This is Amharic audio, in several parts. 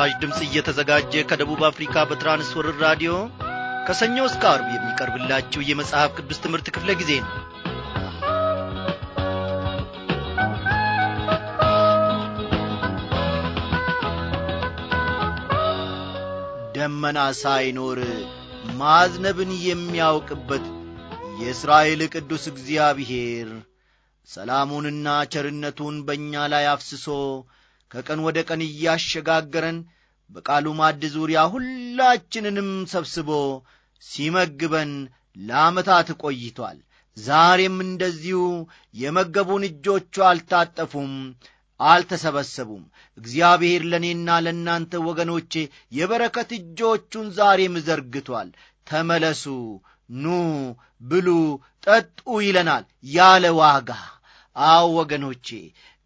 ለምስራች ድምፅ እየተዘጋጀ ከደቡብ አፍሪካ በትራንስወርር ራዲዮ ከሰኞ እስከ አርብ የሚቀርብላችሁ የመጽሐፍ ቅዱስ ትምህርት ክፍለ ጊዜ ነው። ደመና ሳይኖር ማዝነብን የሚያውቅበት የእስራኤል ቅዱስ እግዚአብሔር ሰላሙንና ቸርነቱን በእኛ ላይ አፍስሶ ከቀን ወደ ቀን እያሸጋገረን በቃሉ ማድ ዙሪያ ሁላችንንም ሰብስቦ ሲመግበን ለአመታት ቆይቷል። ዛሬም እንደዚሁ የመገቡን እጆቹ አልታጠፉም፣ አልተሰበሰቡም። እግዚአብሔር ለእኔና ለእናንተ ወገኖቼ የበረከት እጆቹን ዛሬም ዘርግቷል። ተመለሱ፣ ኑ፣ ብሉ፣ ጠጡ ይለናል ያለ ዋጋ። አዎ ወገኖቼ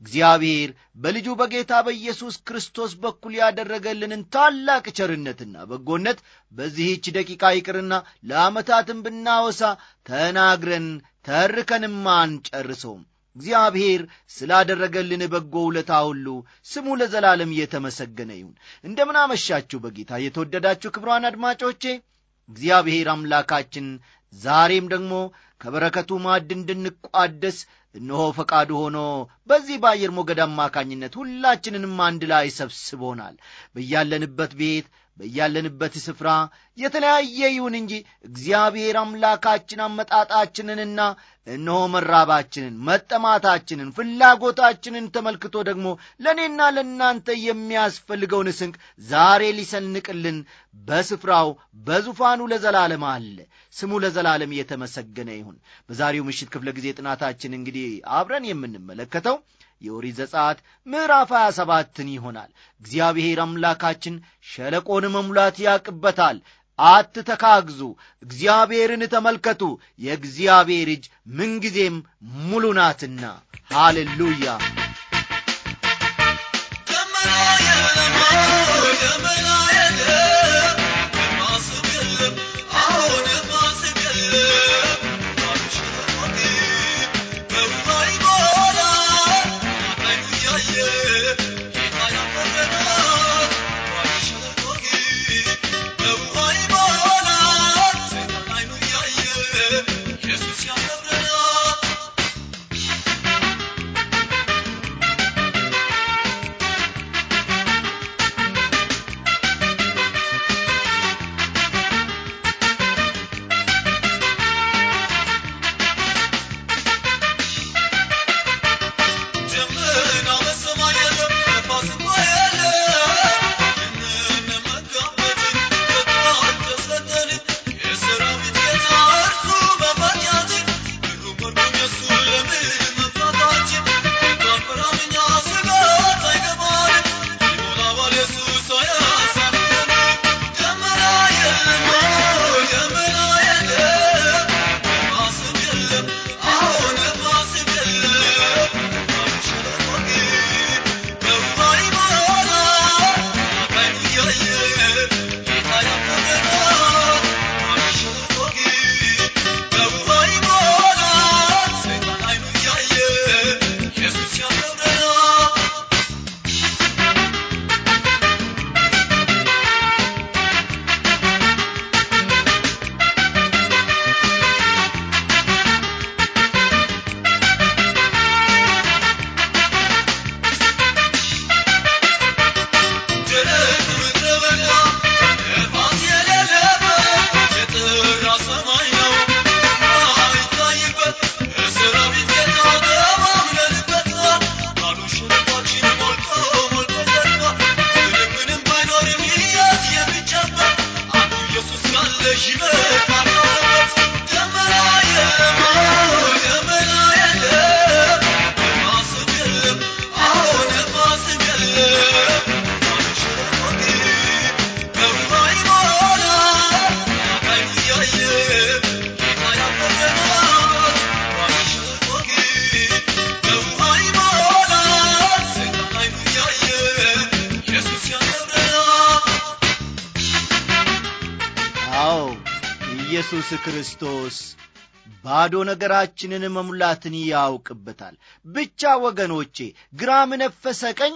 እግዚአብሔር በልጁ በጌታ በኢየሱስ ክርስቶስ በኩል ያደረገልንን ታላቅ ቸርነትና በጎነት በዚህች ደቂቃ ይቅርና ለዓመታትን ብናወሳ ተናግረን ተርከንም አንጨርሰውም። እግዚአብሔር ስላደረገልን በጎ ውለታ ሁሉ ስሙ ለዘላለም እየተመሰገነ ይሁን። አመሻችሁ በጌታ የተወደዳችሁ ክብሯን አድማጮቼ እግዚአብሔር አምላካችን ዛሬም ደግሞ ከበረከቱ ማዕድ እንድንቋደስ እነሆ ፈቃዱ ሆኖ በዚህ በአየር ሞገድ አማካኝነት ሁላችንንም አንድ ላይ ሰብስቦናል። በያለንበት ቤት በያለንበት ስፍራ የተለያየ ይሁን እንጂ እግዚአብሔር አምላካችን አመጣጣችንንና እነሆ መራባችንን፣ መጠማታችንን፣ ፍላጎታችንን ተመልክቶ ደግሞ ለእኔና ለእናንተ የሚያስፈልገውን ስንቅ ዛሬ ሊሰንቅልን በስፍራው በዙፋኑ ለዘላለም አለ። ስሙ ለዘላለም እየተመሰገነ ይሁን። በዛሬው ምሽት ክፍለ ጊዜ ጥናታችን እንግዲህ አብረን የምንመለከተው የኦሪት ዘጸአት ምዕራፍ 27 ይሆናል። እግዚአብሔር አምላካችን ሸለቆን መሙላት ያቅበታል። አትተካግዙ፣ እግዚአብሔርን ተመልከቱ፣ የእግዚአብሔር እጅ ምንጊዜም ሙሉ ናትና። ሃሌሉያ። Come ኢየሱስ ክርስቶስ ባዶ ነገራችንን መሙላትን ያውቅበታል። ብቻ ወገኖቼ ግራም ነፈሰ ቀኝ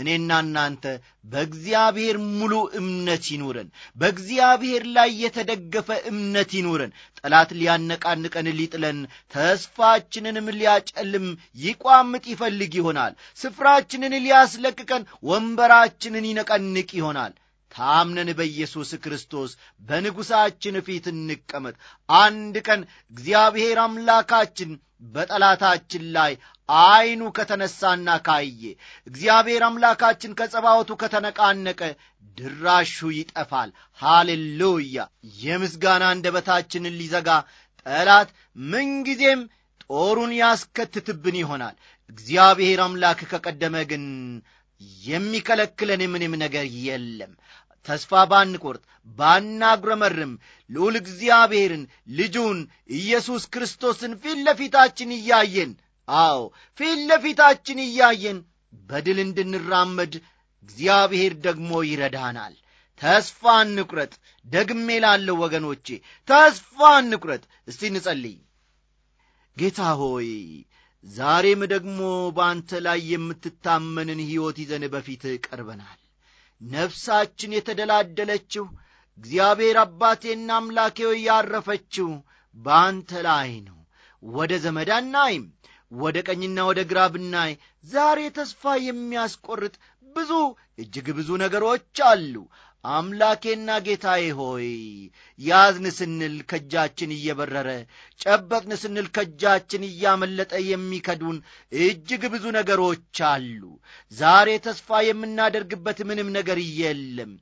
እኔና እናንተ በእግዚአብሔር ሙሉ እምነት ይኑረን። በእግዚአብሔር ላይ የተደገፈ እምነት ይኑረን። ጠላት ሊያነቃንቀን፣ ሊጥለን፣ ተስፋችንንም ሊያጨልም ይቋምጥ ይፈልግ ይሆናል። ስፍራችንን ሊያስለቅቀን፣ ወንበራችንን ይነቀንቅ ይሆናል። ታምነን በኢየሱስ ክርስቶስ በንጉሣችን ፊት እንቀመጥ። አንድ ቀን እግዚአብሔር አምላካችን በጠላታችን ላይ አይኑ ከተነሳና ካየ እግዚአብሔር አምላካችን ከጸባወቱ ከተነቃነቀ ድራሹ ይጠፋል። ሃሌሉያ! የምስጋና አንደበታችንን ሊዘጋ ጠላት ምንጊዜም ጦሩን ያስከትትብን ይሆናል። እግዚአብሔር አምላክ ከቀደመ ግን የሚከለክለን ምንም ነገር የለም። ተስፋ ባንቆርጥ፣ ባናጉረመርም ልዑል እግዚአብሔርን ልጁን ኢየሱስ ክርስቶስን ፊት ለፊታችን እያየን አዎ ፊት ለፊታችን እያየን በድል እንድንራመድ እግዚአብሔር ደግሞ ይረዳናል። ተስፋ እንቁረጥ። ደግሜ ላለው ወገኖቼ ተስፋ እንቁረጥ። እስቲ እንጸልይ። ጌታ ሆይ ዛሬም ደግሞ በአንተ ላይ የምትታመንን ሕይወት ይዘን በፊት ቀርበናል። ነፍሳችን የተደላደለችው እግዚአብሔር አባቴና አምላኬ ያረፈችው በአንተ ላይ ነው። ወደ ዘመድ አናይም። ወደ ቀኝና ወደ ግራ ብናይ ዛሬ ተስፋ የሚያስቆርጥ ብዙ እጅግ ብዙ ነገሮች አሉ። አምላኬና ጌታዬ ሆይ ያዝን ስንል ከእጃችን እየበረረ ጨበጥን ስንል ከእጃችን እያመለጠ የሚከዱን እጅግ ብዙ ነገሮች አሉ። ዛሬ ተስፋ የምናደርግበት ምንም ነገር የለም።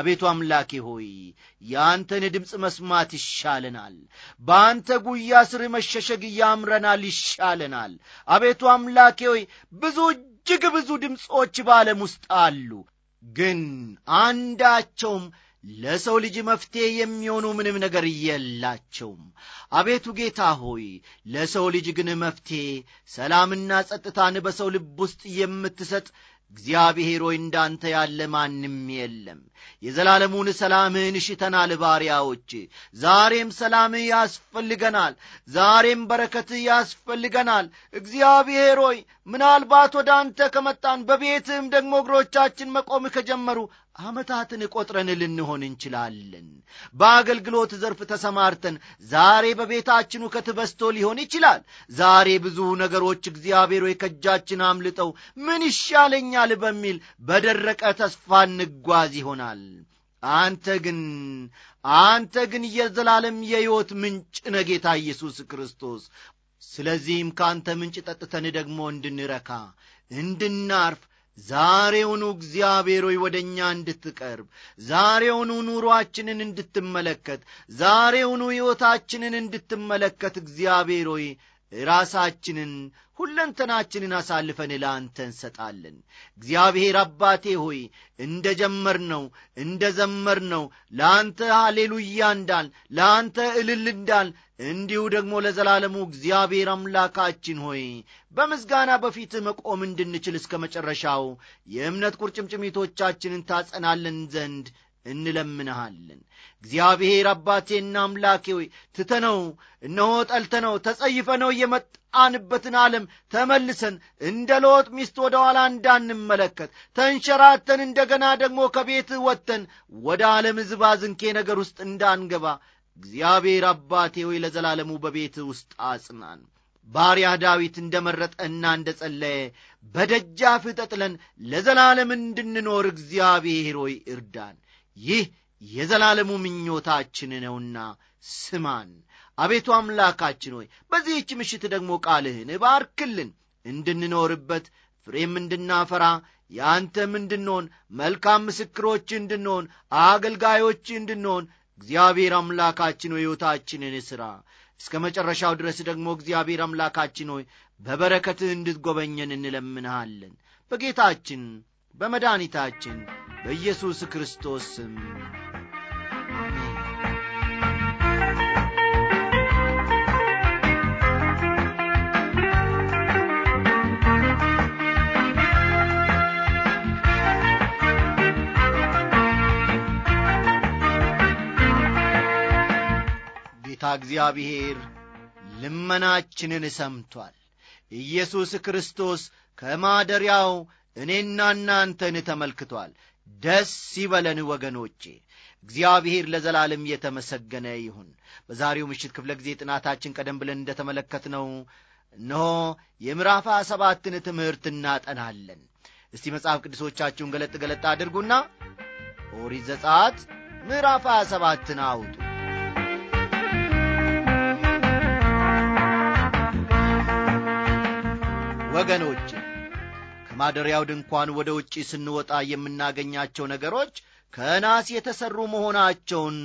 አቤቱ አምላኬ ሆይ የአንተን ድምፅ መስማት ይሻለናል። በአንተ ጉያ ስር መሸሸግ ያምረናል፣ ይሻለናል። አቤቱ አምላኬ ሆይ ብዙ እጅግ ብዙ ድምፆች በዓለም ውስጥ አሉ። ግን አንዳቸውም ለሰው ልጅ መፍትሔ የሚሆኑ ምንም ነገር የላቸውም። አቤቱ ጌታ ሆይ ለሰው ልጅ ግን መፍትሔ፣ ሰላምና ጸጥታን በሰው ልብ ውስጥ የምትሰጥ እግዚአብሔር ሆይ እንዳንተ ያለ ማንም የለም። የዘላለሙን ሰላምህን ሽተናል ባሪያዎች። ዛሬም ሰላምህ ያስፈልገናል። ዛሬም በረከትህ ያስፈልገናል። እግዚአብሔር ሆይ ምናልባት ወደ አንተ ከመጣን በቤትህም ደግሞ እግሮቻችን መቆም ከጀመሩ ዓመታትን ቆጥረን ልንሆን እንችላለን። በአገልግሎት ዘርፍ ተሰማርተን ዛሬ በቤታችን ውከት በስቶ ሊሆን ይችላል። ዛሬ ብዙ ነገሮች እግዚአብሔር ወይ ከእጃችን አምልጠው ምን ይሻለኛል በሚል በደረቀ ተስፋ እንጓዝ ይሆናል። አንተ ግን አንተ ግን የዘላለም የሕይወት ምንጭ ነጌታ ጌታ ኢየሱስ ክርስቶስ። ስለዚህም ከአንተ ምንጭ ጠጥተን ደግሞ እንድንረካ እንድናርፍ ዛሬውኑ እግዚአብሔር ሆይ ወደ እኛ እንድትቀርብ፣ ዛሬውኑ ኑሮአችንን እንድትመለከት፣ ዛሬውኑ ሕይወታችንን እንድትመለከት እግዚአብሔር ሆይ ራሳችንን ሁለንተናችንን አሳልፈን ለአንተ እንሰጣለን። እግዚአብሔር አባቴ ሆይ እንደ ጀመር ነው እንደ ዘመር ነው ለአንተ ሐሌሉያ እንዳል ለአንተ እልል እንዳል እንዲሁ ደግሞ ለዘላለሙ እግዚአብሔር አምላካችን ሆይ በምስጋና በፊት መቆም እንድንችል እስከ መጨረሻው የእምነት ቁርጭምጭሚቶቻችንን ታጸናለን ዘንድ እንለምንሃለን። እግዚአብሔር አባቴና አምላኬ ሆይ ትተነው እነሆ ጠልተነው ተጸይፈነው የመጣንበትን ዓለም ተመልሰን እንደ ሎጥ ሚስት ወደ ኋላ እንዳንመለከት ተንሸራተን እንደገና ደግሞ ከቤት ወጥተን ወደ ዓለም ዝባዝንኬ ነገር ውስጥ እንዳንገባ እግዚአብሔር አባቴ ሆይ ለዘላለሙ በቤት ውስጥ አጽናን። ባሪያ ዳዊት እንደ መረጠና እንደ ጸለየ በደጃፍ ተጥለን ለዘላለም እንድንኖር እግዚአብሔር ሆይ እርዳን። ይህ የዘላለሙ ምኞታችን ነውና ስማን። አቤቱ አምላካችን ሆይ በዚህች ምሽት ደግሞ ቃልህን እባርክልን እንድንኖርበት ፍሬም እንድናፈራ የአንተም እንድንሆን መልካም ምስክሮች እንድንሆን አገልጋዮች እንድንሆን እግዚአብሔር አምላካችን ሆይ ሕይወታችንን ሥራ እስከ መጨረሻው ድረስ ደግሞ እግዚአብሔር አምላካችን ሆይ በበረከትህ እንድትጎበኘን እንለምንሃለን በጌታችን በመድኃኒታችን በኢየሱስ ክርስቶስ ስም ጌታ እግዚአብሔር ልመናችንን ሰምቷል። ኢየሱስ ክርስቶስ ከማደሪያው እኔና እናንተን ተመልክቷል። ደስ ይበለን ወገኖቼ። እግዚአብሔር ለዘላለም የተመሰገነ ይሁን። በዛሬው ምሽት ክፍለ ጊዜ ጥናታችን ቀደም ብለን እንደተመለከትነው እነሆ የምዕራፍ ሰባትን ትምህርት እናጠናለን። እስቲ መጽሐፍ ቅዱሶቻችሁን ገለጥ ገለጥ አድርጉና ኦሪት ዘጸአት ምዕራፍ 27 አውጡ። ወገኖቼ ከማደሪያው ድንኳን ወደ ውጪ ስንወጣ የምናገኛቸው ነገሮች ከናስ የተሠሩ መሆናቸውን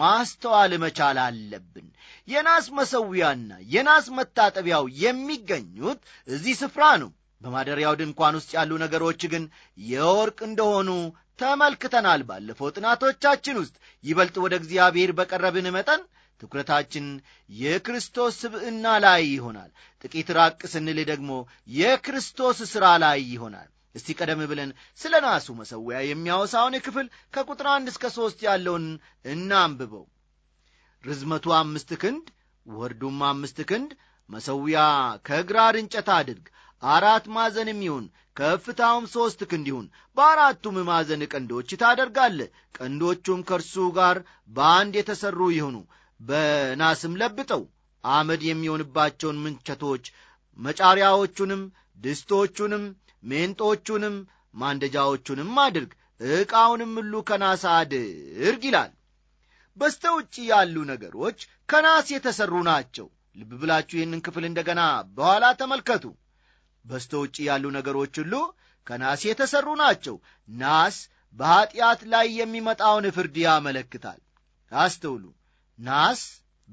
ማስተዋል መቻል አለብን። የናስ መሠዊያና የናስ መታጠቢያው የሚገኙት እዚህ ስፍራ ነው። በማደሪያው ድንኳን ውስጥ ያሉ ነገሮች ግን የወርቅ እንደሆኑ ተመልክተናል። ባለፈው ጥናቶቻችን ውስጥ ይበልጥ ወደ እግዚአብሔር በቀረብን መጠን ትኩረታችን የክርስቶስ ስብዕና ላይ ይሆናል። ጥቂት ራቅ ስንል ደግሞ የክርስቶስ ሥራ ላይ ይሆናል። እስቲ ቀደም ብለን ስለ ናሱ መሠዊያ የሚያወሳውን ክፍል ከቁጥር አንድ እስከ ሦስት ያለውን እናንብበው። ርዝመቱ አምስት ክንድ ወርዱም አምስት ክንድ መሠዊያ ከግራር እንጨት አድርግ። አራት ማዕዘንም ይሁን፣ ከፍታውም ሦስት ክንድ ይሁን። በአራቱም ማዕዘን ቀንዶች ታደርጋለ። ቀንዶቹም ከእርሱ ጋር በአንድ የተሠሩ ይሁኑ። በናስም ለብጠው አመድ የሚሆንባቸውን ምንቸቶች መጫሪያዎቹንም ድስቶቹንም ሜንጦቹንም ማንደጃዎቹንም አድርግ ዕቃውንም ሁሉ ከናስ አድርግ ይላል በስተ ውጭ ያሉ ነገሮች ከናስ የተሠሩ ናቸው ልብ ብላችሁ ይህንን ክፍል እንደገና በኋላ ተመልከቱ በስተ ውጭ ያሉ ነገሮች ሁሉ ከናስ የተሠሩ ናቸው ናስ በኀጢአት ላይ የሚመጣውን ፍርድ ያመለክታል አስተውሉ ናስ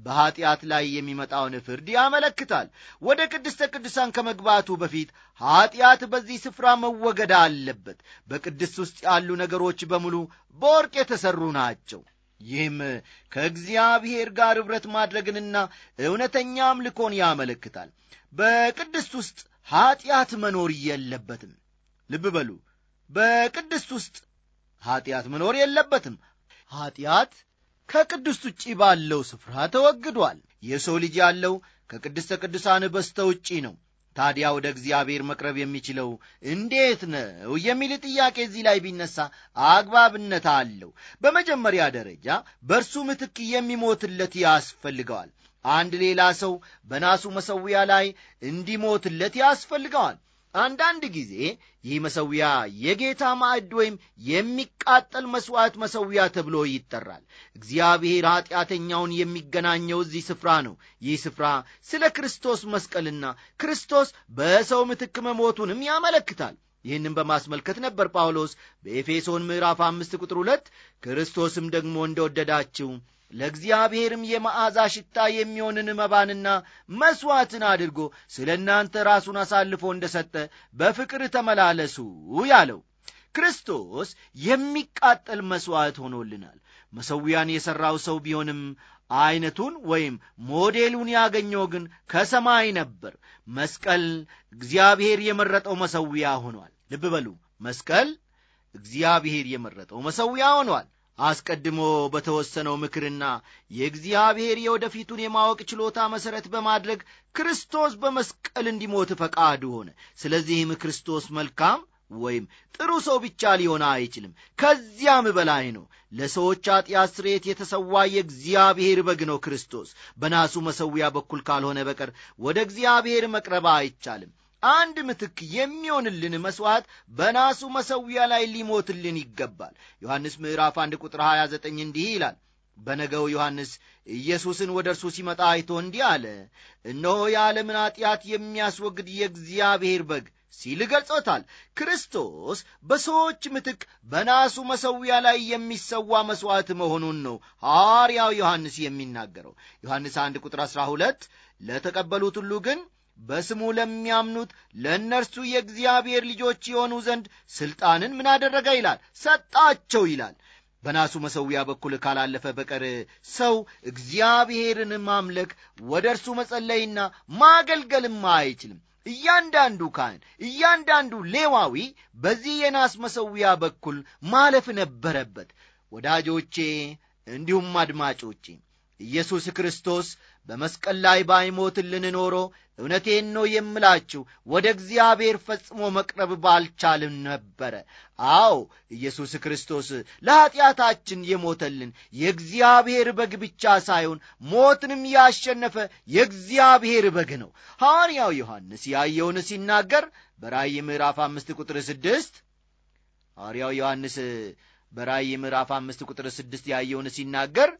በኀጢአት ላይ የሚመጣውን ፍርድ ያመለክታል። ወደ ቅድስተ ቅዱሳን ከመግባቱ በፊት ኀጢአት በዚህ ስፍራ መወገድ አለበት። በቅድስት ውስጥ ያሉ ነገሮች በሙሉ በወርቅ የተሠሩ ናቸው። ይህም ከእግዚአብሔር ጋር ኅብረት ማድረግንና እውነተኛ አምልኮን ያመለክታል። በቅድስት ውስጥ ኀጢአት መኖር የለበትም። ልብ በሉ፣ በቅድስት ውስጥ ኀጢአት መኖር የለበትም። ኀጢአት ከቅዱስ ውጪ ባለው ስፍራ ተወግዷል። የሰው ልጅ ያለው ከቅድስተ ቅዱሳን በስተ ውጪ ነው። ታዲያ ወደ እግዚአብሔር መቅረብ የሚችለው እንዴት ነው የሚል ጥያቄ እዚህ ላይ ቢነሳ አግባብነት አለው። በመጀመሪያ ደረጃ በእርሱ ምትክ የሚሞትለት ያስፈልገዋል። አንድ ሌላ ሰው በናሱ መሠዊያ ላይ እንዲሞትለት ያስፈልገዋል። አንዳንድ ጊዜ ይህ መሠዊያ የጌታ ማዕድ ወይም የሚቃጠል መሥዋዕት መሠዊያ ተብሎ ይጠራል። እግዚአብሔር ኀጢአተኛውን የሚገናኘው እዚህ ስፍራ ነው። ይህ ስፍራ ስለ ክርስቶስ መስቀልና ክርስቶስ በሰው ምትክ መሞቱንም ያመለክታል። ይህንም በማስመልከት ነበር ጳውሎስ በኤፌሶን ምዕራፍ አምስት ቁጥር ሁለት ክርስቶስም ደግሞ ወደዳችው ለእግዚአብሔርም የመዓዛ ሽታ የሚሆንን መባንና መሥዋዕትን አድርጎ ስለ እናንተ ራሱን አሳልፎ እንደ ሰጠ በፍቅር ተመላለሱ ያለው ክርስቶስ የሚቃጠል መሥዋዕት ሆኖልናል። መሠዊያን የሠራው ሰው ቢሆንም አይነቱን ወይም ሞዴሉን ያገኘው ግን ከሰማይ ነበር። መስቀል እግዚአብሔር የመረጠው መሠዊያ ሆኗል። ልብ በሉ፣ መስቀል እግዚአብሔር የመረጠው መሠዊያ ሆኗል። አስቀድሞ በተወሰነው ምክርና የእግዚአብሔር የወደፊቱን የማወቅ ችሎታ መሠረት በማድረግ ክርስቶስ በመስቀል እንዲሞት ፈቃዱ ሆነ። ስለዚህም ክርስቶስ መልካም ወይም ጥሩ ሰው ብቻ ሊሆን አይችልም። ከዚያም በላይ ነው። ለሰዎች ኃጢአት ስርየት የተሰዋ የእግዚአብሔር በግ ነው ክርስቶስ። በናሱ መሠዊያ በኩል ካልሆነ በቀር ወደ እግዚአብሔር መቅረብ አይቻልም። አንድ ምትክ የሚሆንልን መሥዋዕት በናሱ መሠዊያ ላይ ሊሞትልን ይገባል ዮሐንስ ምዕራፍ 1 ቁጥር 29 እንዲህ ይላል በነገው ዮሐንስ ኢየሱስን ወደ እርሱ ሲመጣ አይቶ እንዲህ አለ እነሆ የዓለምን ኀጢአት የሚያስወግድ የእግዚአብሔር በግ ሲል ገልጾታል ክርስቶስ በሰዎች ምትክ በናሱ መሠዊያ ላይ የሚሰዋ መሥዋዕት መሆኑን ነው ሐዋርያው ዮሐንስ የሚናገረው ዮሐንስ 1 ቁጥር 12 ለተቀበሉት ሁሉ ግን በስሙ ለሚያምኑት ለእነርሱ የእግዚአብሔር ልጆች የሆኑ ዘንድ ሥልጣንን ምን አደረገ ይላል? ሰጣቸው ይላል። በናሱ መሠዊያ በኩል ካላለፈ በቀር ሰው እግዚአብሔርን ማምለክ ወደ እርሱ መጸለይና ማገልገልም አይችልም። እያንዳንዱ ካህን፣ እያንዳንዱ ሌዋዊ በዚህ የናስ መሠዊያ በኩል ማለፍ ነበረበት። ወዳጆቼ እንዲሁም አድማጮቼ ኢየሱስ ክርስቶስ በመስቀል ላይ ባይሞትልን ኖሮ እውነቴን ነው የምላችሁ ወደ እግዚአብሔር ፈጽሞ መቅረብ ባልቻልም ነበረ። አዎ ኢየሱስ ክርስቶስ ለኀጢአታችን የሞተልን የእግዚአብሔር በግ ብቻ ሳይሆን ሞትንም ያሸነፈ የእግዚአብሔር በግ ነው። ሐዋርያው ዮሐንስ ያየውን ሲናገር በራእይ ምዕራፍ አምስት ቁጥር ስድስት ሐዋርያው ዮሐንስ በራእይ ምዕራፍ አምስት ቁጥር ስድስት ያየውን ሲናገር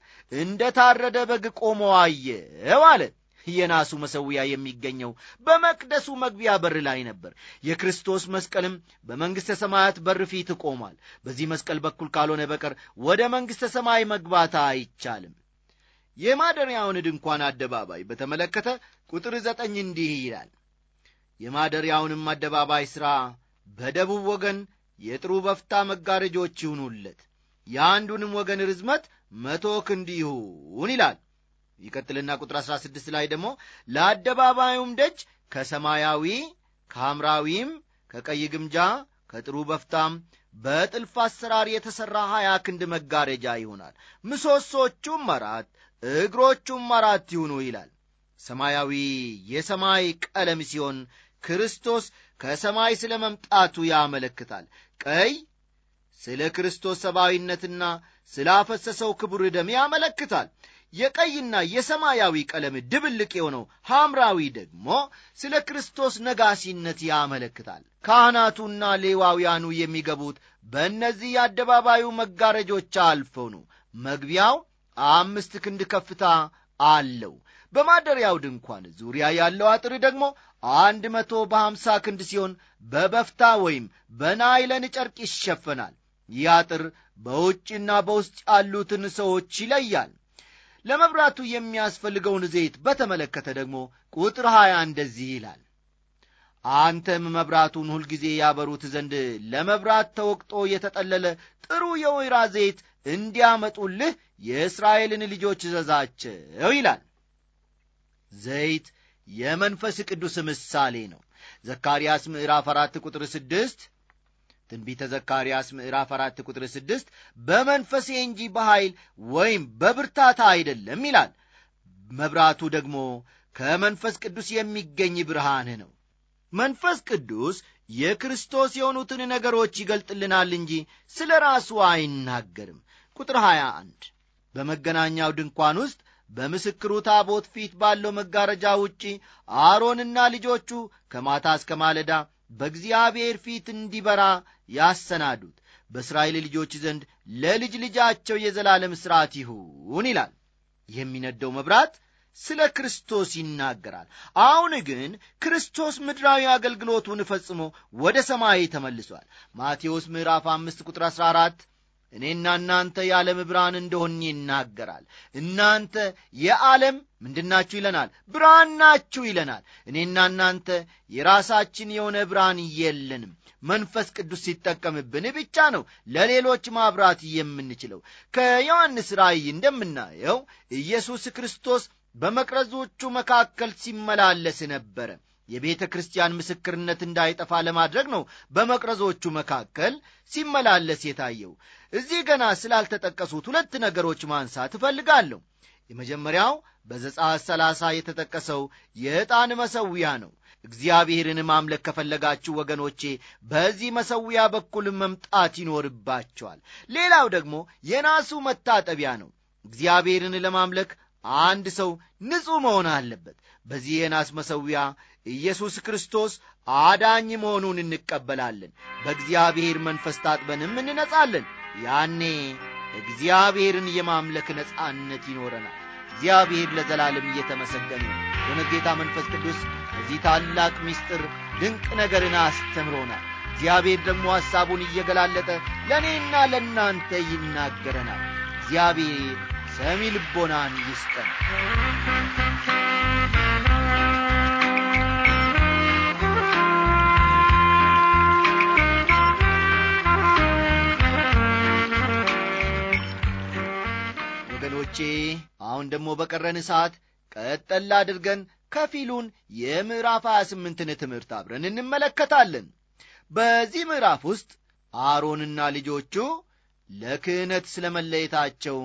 እንደ ታረደ በግ ቆሞ አየው አለ። የናሱ መሠዊያ የሚገኘው በመቅደሱ መግቢያ በር ላይ ነበር። የክርስቶስ መስቀልም በመንግሥተ ሰማያት በር ፊት ቆሟል። በዚህ መስቀል በኩል ካልሆነ በቀር ወደ መንግሥተ ሰማይ መግባት አይቻልም። የማደሪያውን ድንኳን አደባባይ በተመለከተ ቁጥር ዘጠኝ እንዲህ ይላል የማደሪያውንም አደባባይ ሥራ በደቡብ ወገን የጥሩ በፍታ መጋረጆች ይሁኑለት የአንዱንም ወገን ርዝመት መቶ ክንድ ይሁን ይላል ይቀጥልና ቁጥር 16 ላይ ደግሞ ለአደባባዩም ደጅ ከሰማያዊ ከሐምራዊም ከቀይ ግምጃ ከጥሩ በፍታም በጥልፍ አሰራር የተሠራ ሀያ ክንድ መጋረጃ ይሆናል ምሰሶቹም አራት እግሮቹም አራት ይሁኑ ይላል ሰማያዊ የሰማይ ቀለም ሲሆን ክርስቶስ ከሰማይ ስለ መምጣቱ ያመለክታል። ቀይ ስለ ክርስቶስ ሰብአዊነትና ስላፈሰሰው ክቡር ደም ያመለክታል። የቀይና የሰማያዊ ቀለም ድብልቅ የሆነው ሐምራዊ ደግሞ ስለ ክርስቶስ ነጋሲነት ያመለክታል። ካህናቱና ሌዋውያኑ የሚገቡት በእነዚህ የአደባባዩ መጋረጆች አልፈው ነው። መግቢያው አምስት ክንድ ከፍታ አለው። በማደሪያው ድንኳን ዙሪያ ያለው አጥር ደግሞ አንድ መቶ በሀምሳ ክንድ ሲሆን በበፍታ ወይም በናይለን ጨርቅ ይሸፈናል። ይህ አጥር በውጭና በውስጥ ያሉትን ሰዎች ይለያል። ለመብራቱ የሚያስፈልገውን ዘይት በተመለከተ ደግሞ ቁጥር ሀያ እንደዚህ ይላል አንተም መብራቱን ሁልጊዜ ያበሩት ዘንድ ለመብራት ተወቅጦ የተጠለለ ጥሩ የወይራ ዘይት እንዲያመጡልህ የእስራኤልን ልጆች እዘዛቸው ይላል። ዘይት የመንፈስ ቅዱስ ምሳሌ ነው። ዘካርያስ ምዕራፍ አራት ቁጥር ስድስት ትንቢተ ዘካርያስ ምዕራፍ አራት ቁጥር ስድስት በመንፈሴ እንጂ በኃይል ወይም በብርታታ አይደለም ይላል። መብራቱ ደግሞ ከመንፈስ ቅዱስ የሚገኝ ብርሃን ነው። መንፈስ ቅዱስ የክርስቶስ የሆኑትን ነገሮች ይገልጥልናል እንጂ ስለ ራሱ አይናገርም። ቁጥር 21 በመገናኛው ድንኳን ውስጥ በምስክሩ ታቦት ፊት ባለው መጋረጃ ውጪ አሮንና ልጆቹ ከማታ እስከ ማለዳ በእግዚአብሔር ፊት እንዲበራ ያሰናዱት በእስራኤል ልጆች ዘንድ ለልጅ ልጃቸው የዘላለም ሥርዓት ይሁን ይላል። የሚነደው መብራት ስለ ክርስቶስ ይናገራል። አሁን ግን ክርስቶስ ምድራዊ አገልግሎቱን ፈጽሞ ወደ ሰማይ ተመልሷል። ማቴዎስ ምዕራፍ 5 ቁጥር 14 እኔና እናንተ የዓለም ብርሃን እንደሆን ይናገራል። እናንተ የዓለም ምንድናችሁ ይለናል? ብርሃን ናችሁ ይለናል። እኔና እናንተ የራሳችን የሆነ ብርሃን የለንም። መንፈስ ቅዱስ ሲጠቀምብን ብቻ ነው ለሌሎች ማብራት የምንችለው። ከዮሐንስ ራእይ እንደምናየው ኢየሱስ ክርስቶስ በመቅረዞቹ መካከል ሲመላለስ ነበረ። የቤተ ክርስቲያን ምስክርነት እንዳይጠፋ ለማድረግ ነው በመቅረዞቹ መካከል ሲመላለስ የታየው። እዚህ ገና ስላልተጠቀሱት ሁለት ነገሮች ማንሳት እፈልጋለሁ። የመጀመሪያው በዘጸአት ሰላሳ የተጠቀሰው የዕጣን መሠዊያ ነው። እግዚአብሔርን ማምለክ ከፈለጋችሁ ወገኖቼ በዚህ መሠዊያ በኩል መምጣት ይኖርባቸዋል። ሌላው ደግሞ የናሱ መታጠቢያ ነው። እግዚአብሔርን ለማምለክ አንድ ሰው ንጹሕ መሆን አለበት። በዚህ የናስ መሠዊያ ኢየሱስ ክርስቶስ አዳኝ መሆኑን እንቀበላለን። በእግዚአብሔር መንፈስ ታጥበንም እንነጻለን። ያኔ እግዚአብሔርን የማምለክ ነጻነት ይኖረናል። እግዚአብሔር ለዘላለም እየተመሰገነ በመጌታ መንፈስ ቅዱስ እዚህ ታላቅ ምስጢር ድንቅ ነገርን አስተምሮናል። እግዚአብሔር ደግሞ ሐሳቡን እየገላለጠ ለእኔና ለእናንተ ይናገረናል። እግዚአብሔር ሰሚ ልቦናን ይስጠን። አሁን ደግሞ በቀረን ሰዓት ቀጠል አድርገን ከፊሉን የምዕራፍ 28ን ትምህርት አብረን እንመለከታለን በዚህ ምዕራፍ ውስጥ አሮንና ልጆቹ ለክህነት ስለ መለየታቸው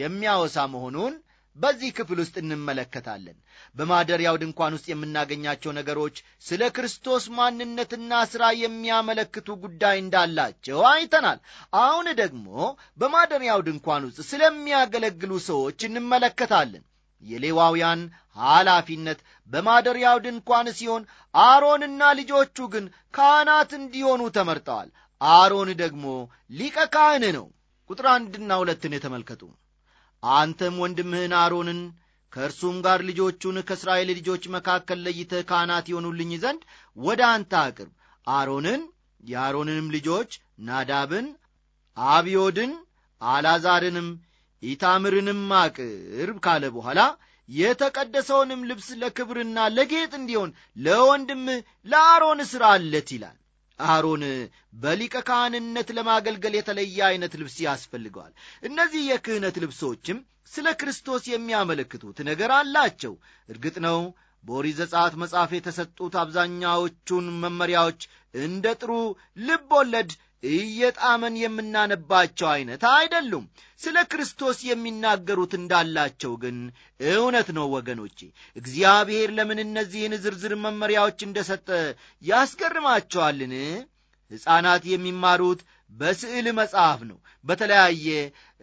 የሚያወሳ መሆኑን በዚህ ክፍል ውስጥ እንመለከታለን። በማደሪያው ድንኳን ውስጥ የምናገኛቸው ነገሮች ስለ ክርስቶስ ማንነትና ሥራ የሚያመለክቱ ጉዳይ እንዳላቸው አይተናል። አሁን ደግሞ በማደሪያው ድንኳን ውስጥ ስለሚያገለግሉ ሰዎች እንመለከታለን። የሌዋውያን ኃላፊነት በማደሪያው ድንኳን ሲሆን አሮንና ልጆቹ ግን ካህናት እንዲሆኑ ተመርጠዋል። አሮን ደግሞ ሊቀ ካህን ነው። ቁጥር አንድና ሁለትን የተመልከቱ አንተም ወንድምህን አሮንን ከእርሱም ጋር ልጆቹን ከእስራኤል ልጆች መካከል ለይተህ ካህናት ይሆኑልኝ ዘንድ ወደ አንተ አቅርብ አሮንን የአሮንንም ልጆች ናዳብን አብዮድን አላዛርንም ኢታምርንም አቅርብ ካለ በኋላ የተቀደሰውንም ልብስ ለክብርና ለጌጥ እንዲሆን ለወንድም ለአሮን አለት ይላል አሮን በሊቀ ካህንነት ለማገልገል የተለየ አይነት ልብስ ያስፈልገዋል። እነዚህ የክህነት ልብሶችም ስለ ክርስቶስ የሚያመለክቱት ነገር አላቸው። እርግጥ ነው በኦሪት ዘጸአት መጽሐፍ የተሰጡት አብዛኛዎቹን መመሪያዎች እንደ ጥሩ ልብ ወለድ እየጣመን የምናነባቸው ዐይነት አይደሉም። ስለ ክርስቶስ የሚናገሩት እንዳላቸው ግን እውነት ነው። ወገኖቼ እግዚአብሔር ለምን እነዚህን ዝርዝር መመሪያዎች እንደሰጠ ያስገርማቸዋልን? ሕፃናት የሚማሩት በስዕል መጽሐፍ ነው። በተለያየ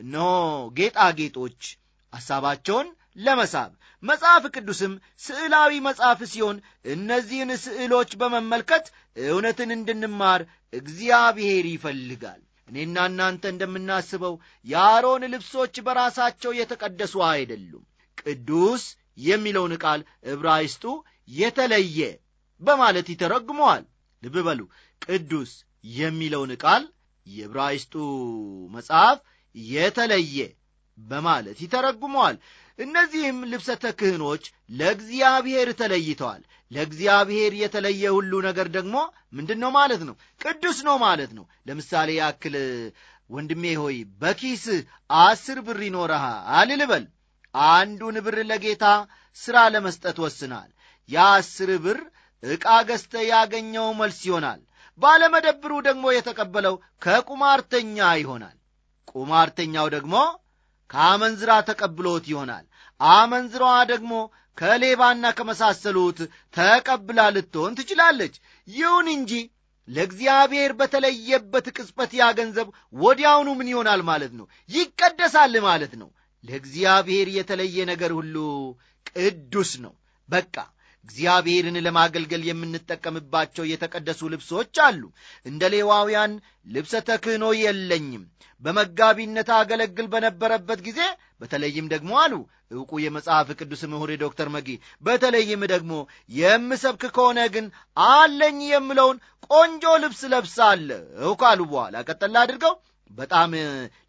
እነሆ ጌጣጌጦች ሐሳባቸውን ለመሳብ መጽሐፍ ቅዱስም ስዕላዊ መጽሐፍ ሲሆን እነዚህን ስዕሎች በመመልከት እውነትን እንድንማር እግዚአብሔር ይፈልጋል። እኔና እናንተ እንደምናስበው የአሮን ልብሶች በራሳቸው የተቀደሱ አይደሉም። ቅዱስ የሚለውን ቃል ዕብራይስጡ የተለየ በማለት ይተረጉመዋል። ልብ በሉ፣ ቅዱስ የሚለውን ቃል የዕብራይስጡ መጽሐፍ የተለየ በማለት ይተረጉመዋል። እነዚህም ልብሰተ ክህኖች ለእግዚአብሔር ተለይተዋል። ለእግዚአብሔር የተለየ ሁሉ ነገር ደግሞ ምንድን ነው ማለት ነው? ቅዱስ ነው ማለት ነው። ለምሳሌ ያክል ወንድሜ ሆይ በኪስ አስር ብር ይኖረሃል ልበል። አንዱን ብር ለጌታ ሥራ ለመስጠት ወስናል። የአስር ብር ዕቃ ገዝተ ያገኘው መልስ ይሆናል። ባለመደብሩ ደግሞ የተቀበለው ከቁማርተኛ ይሆናል። ቁማርተኛው ደግሞ ከአመንዝራ ተቀብሎት ይሆናል። አመንዝራዋ ደግሞ ከሌባና ከመሳሰሉት ተቀብላ ልትሆን ትችላለች። ይሁን እንጂ ለእግዚአብሔር በተለየበት ቅጽበት ያ ገንዘብ ወዲያውኑ ምን ይሆናል ማለት ነው? ይቀደሳል ማለት ነው። ለእግዚአብሔር የተለየ ነገር ሁሉ ቅዱስ ነው። በቃ እግዚአብሔርን ለማገልገል የምንጠቀምባቸው የተቀደሱ ልብሶች አሉ። እንደ ሌዋውያን ልብሰ ተክህኖ የለኝም። በመጋቢነት አገለግል በነበረበት ጊዜ በተለይም ደግሞ አሉ ዕውቁ የመጽሐፍ ቅዱስ ምሁር ዶክተር መጊ በተለይም ደግሞ የምሰብክ ከሆነ ግን አለኝ የምለውን ቆንጆ ልብስ ለብሳለሁ ካሉ በኋላ ቀጠላ አድርገው በጣም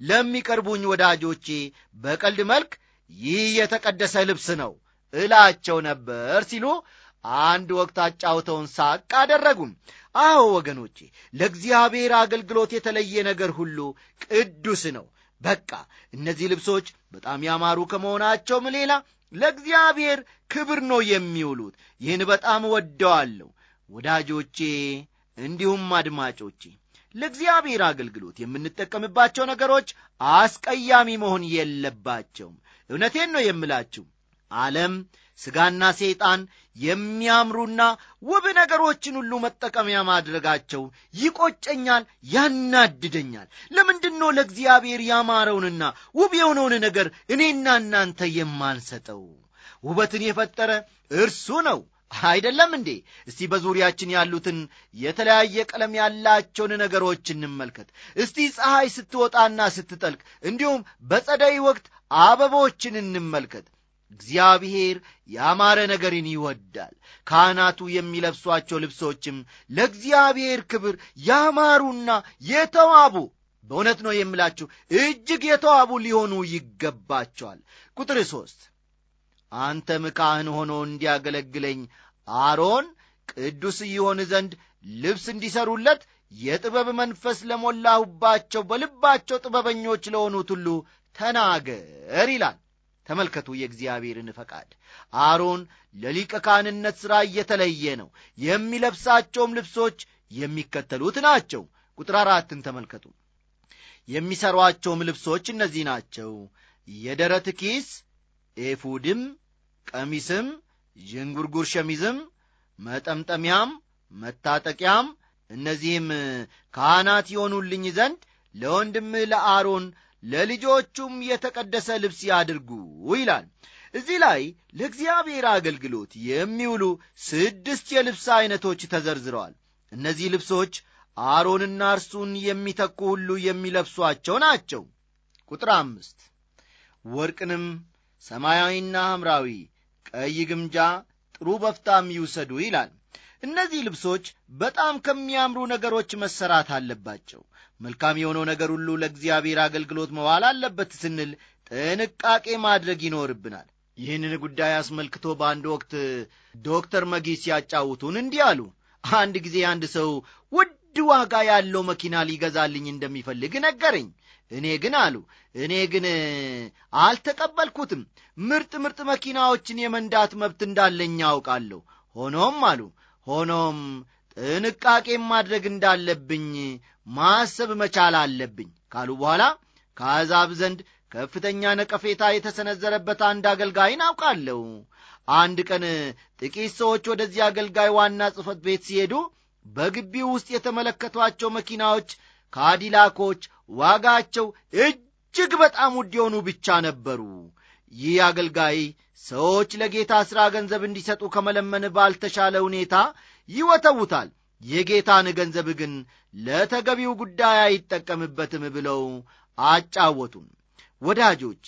ለሚቀርቡኝ ወዳጆቼ በቀልድ መልክ ይህ የተቀደሰ ልብስ ነው እላቸው ነበር ሲሉ አንድ ወቅት አጫውተውን ሳቅ አደረጉም። አዎ ወገኖቼ፣ ለእግዚአብሔር አገልግሎት የተለየ ነገር ሁሉ ቅዱስ ነው። በቃ እነዚህ ልብሶች በጣም ያማሩ ከመሆናቸውም ሌላ ለእግዚአብሔር ክብር ነው የሚውሉት። ይህን በጣም ወደዋለሁ ወዳጆቼ፣ እንዲሁም አድማጮቼ። ለእግዚአብሔር አገልግሎት የምንጠቀምባቸው ነገሮች አስቀያሚ መሆን የለባቸውም። እውነቴን ነው የምላችሁ። ዓለም ሥጋና ሰይጣን የሚያምሩና ውብ ነገሮችን ሁሉ መጠቀሚያ ማድረጋቸው ይቆጨኛል፣ ያናድደኛል። ለምንድን ነው ለእግዚአብሔር ያማረውንና ውብ የሆነውን ነገር እኔና እናንተ የማንሰጠው? ውበትን የፈጠረ እርሱ ነው አይደለም እንዴ? እስቲ በዙሪያችን ያሉትን የተለያየ ቀለም ያላቸውን ነገሮች እንመልከት። እስቲ ፀሐይ ስትወጣና ስትጠልቅ እንዲሁም በጸደይ ወቅት አበቦችን እንመልከት። እግዚአብሔር ያማረ ነገርን ይወዳል። ካህናቱ የሚለብሷቸው ልብሶችም ለእግዚአብሔር ክብር ያማሩና የተዋቡ በእውነት ነው የምላችሁ እጅግ የተዋቡ ሊሆኑ ይገባቸዋል። ቁጥር ሦስት አንተም ካህን ሆኖ እንዲያገለግለኝ አሮን ቅዱስ ይሆን ዘንድ ልብስ እንዲሰሩለት የጥበብ መንፈስ ለሞላሁባቸው በልባቸው ጥበበኞች ለሆኑት ሁሉ ተናገር ይላል። ተመልከቱ የእግዚአብሔርን ፈቃድ። አሮን ለሊቀ ካህንነት ሥራ እየተለየ ነው። የሚለብሳቸውም ልብሶች የሚከተሉት ናቸው። ቁጥር አራትን ተመልከቱ። የሚሠሯቸውም ልብሶች እነዚህ ናቸው። የደረት ኪስ ኤፉድም፣ ቀሚስም፣ ዥንጉርጉር ሸሚዝም፣ መጠምጠሚያም፣ መታጠቂያም እነዚህም ካህናት የሆኑልኝ ዘንድ ለወንድምህ ለአሮን ለልጆቹም የተቀደሰ ልብስ ያድርጉ ይላል። እዚህ ላይ ለእግዚአብሔር አገልግሎት የሚውሉ ስድስት የልብስ ዐይነቶች ተዘርዝረዋል። እነዚህ ልብሶች አሮንና እርሱን የሚተኩ ሁሉ የሚለብሷቸው ናቸው። ቁጥር አምስት ወርቅንም ሰማያዊና ሐምራዊ፣ ቀይ ግምጃ፣ ጥሩ በፍታም ይውሰዱ ይላል። እነዚህ ልብሶች በጣም ከሚያምሩ ነገሮች መሰራት አለባቸው። መልካም የሆነው ነገር ሁሉ ለእግዚአብሔር አገልግሎት መዋል አለበት ስንል ጥንቃቄ ማድረግ ይኖርብናል። ይህንን ጉዳይ አስመልክቶ በአንድ ወቅት ዶክተር መጊ ሲያጫውቱን እንዲህ አሉ። አንድ ጊዜ አንድ ሰው ውድ ዋጋ ያለው መኪና ሊገዛልኝ እንደሚፈልግ ነገረኝ። እኔ ግን አሉ እኔ ግን አልተቀበልኩትም። ምርጥ ምርጥ መኪናዎችን የመንዳት መብት እንዳለኝ አውቃለሁ። ሆኖም አሉ ሆኖም ጥንቃቄ ማድረግ እንዳለብኝ ማሰብ መቻል አለብኝ ካሉ በኋላ ከአሕዛብ ዘንድ ከፍተኛ ነቀፌታ የተሰነዘረበት አንድ አገልጋይ ናውቃለሁ አንድ ቀን ጥቂት ሰዎች ወደዚህ አገልጋይ ዋና ጽፈት ቤት ሲሄዱ በግቢው ውስጥ የተመለከቷቸው መኪናዎች ካዲላኮች ዋጋቸው እጅግ በጣም ውድ የሆኑ ብቻ ነበሩ። ይህ አገልጋይ ሰዎች ለጌታ ሥራ ገንዘብ እንዲሰጡ ከመለመን ባልተሻለ ሁኔታ ይወተውታል፣ የጌታን ገንዘብ ግን ለተገቢው ጉዳይ አይጠቀምበትም ብለው አጫወቱም ወዳጆቼ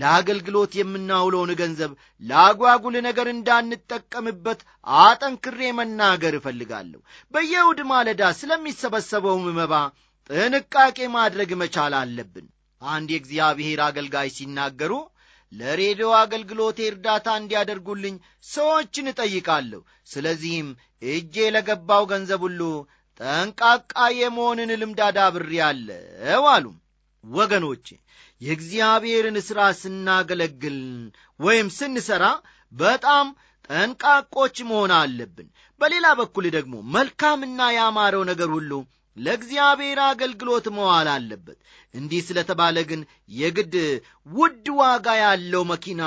ለአገልግሎት የምናውለውን ገንዘብ ለአጓጉል ነገር እንዳንጠቀምበት አጠንክሬ መናገር እፈልጋለሁ። በየእሁድ ማለዳ ስለሚሰበሰበውም መባ ጥንቃቄ ማድረግ መቻል አለብን። አንድ የእግዚአብሔር አገልጋይ ሲናገሩ ለሬዲዮ አገልግሎቴ እርዳታ እንዲያደርጉልኝ ሰዎችን እጠይቃለሁ። ስለዚህም እጄ ለገባው ገንዘብ ሁሉ ጠንቃቃ የመሆንን ልምድ አለው አሉ። ወገኖቼ የእግዚአብሔርን ሥራ ስናገለግል ወይም ስንሠራ በጣም ጠንቃቆች መሆን አለብን። በሌላ በኩል ደግሞ መልካምና ያማረው ነገር ሁሉ ለእግዚአብሔር አገልግሎት መዋል አለበት። እንዲህ ስለተባለ ግን የግድ ውድ ዋጋ ያለው መኪና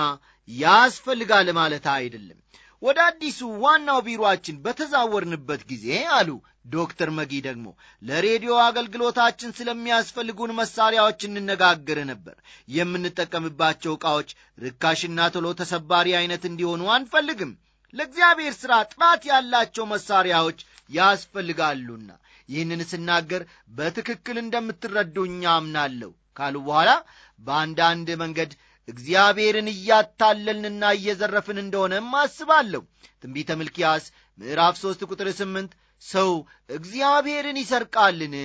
ያስፈልጋል ማለት አይደለም። ወደ አዲሱ ዋናው ቢሮአችን በተዛወርንበት ጊዜ አሉ ዶክተር መጊ ደግሞ ለሬዲዮ አገልግሎታችን ስለሚያስፈልጉን መሳሪያዎች እንነጋገር ነበር። የምንጠቀምባቸው ዕቃዎች ርካሽና ቶሎ ተሰባሪ አይነት እንዲሆኑ አንፈልግም። ለእግዚአብሔር ሥራ ጥራት ያላቸው መሳሪያዎች ያስፈልጋሉና ይህንን ስናገር በትክክል እንደምትረዱኝ አምናለሁ ካሉ በኋላ በአንዳንድ መንገድ እግዚአብሔርን እያታለልንና እየዘረፍን እንደሆነም አስባለሁ። ትንቢተ ምልኪያስ ምዕራፍ 3 ቁጥር 8 ሰው እግዚአብሔርን ይሰርቃልን?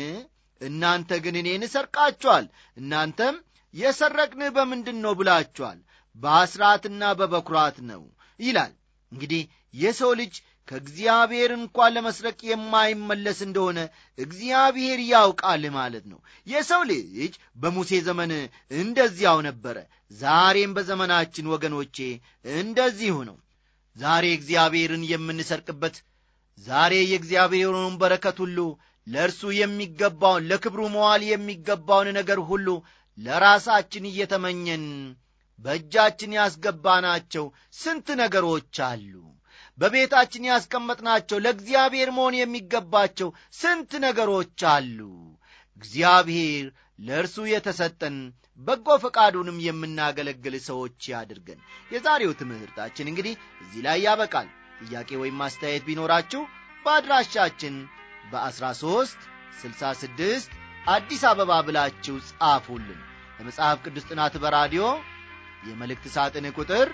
እናንተ ግን እኔን እሰርቃችኋል እናንተም የሰረቅንህ በምንድን ነው ብላችኋል፣ በአስራትና በበኩራት ነው ይላል። እንግዲህ የሰው ልጅ ከእግዚአብሔር እንኳ ለመስረቅ የማይመለስ እንደሆነ እግዚአብሔር ያውቃል ማለት ነው። የሰው ልጅ በሙሴ ዘመን እንደዚያው ነበረ። ዛሬም በዘመናችን ወገኖቼ እንደዚሁ ነው። ዛሬ እግዚአብሔርን የምንሰርቅበት፣ ዛሬ የእግዚአብሔርን በረከት ሁሉ ለእርሱ የሚገባውን ለክብሩ መዋል የሚገባውን ነገር ሁሉ ለራሳችን እየተመኘን በእጃችን ያስገባናቸው ስንት ነገሮች አሉ። በቤታችን ያስቀመጥናቸው ለእግዚአብሔር መሆን የሚገባቸው ስንት ነገሮች አሉ። እግዚአብሔር ለእርሱ የተሰጠን በጎ ፈቃዱንም የምናገለግል ሰዎች ያድርገን። የዛሬው ትምህርታችን እንግዲህ እዚህ ላይ ያበቃል። ጥያቄ ወይም ማስተያየት ቢኖራችሁ በአድራሻችን በ13 66 አዲስ አበባ ብላችሁ ጻፉልን። ለመጽሐፍ ቅዱስ ጥናት በራዲዮ የመልእክት ሳጥን ቁጥር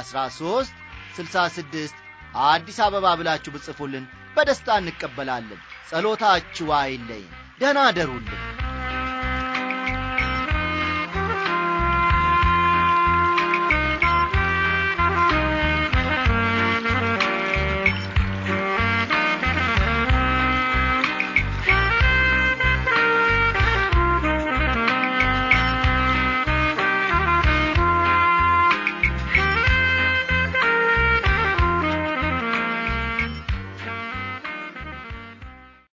1366 66 አዲስ አበባ ብላችሁ ብጽፉልን በደስታ እንቀበላለን። ጸሎታችሁ አይለይን። ደህና አደሩልን።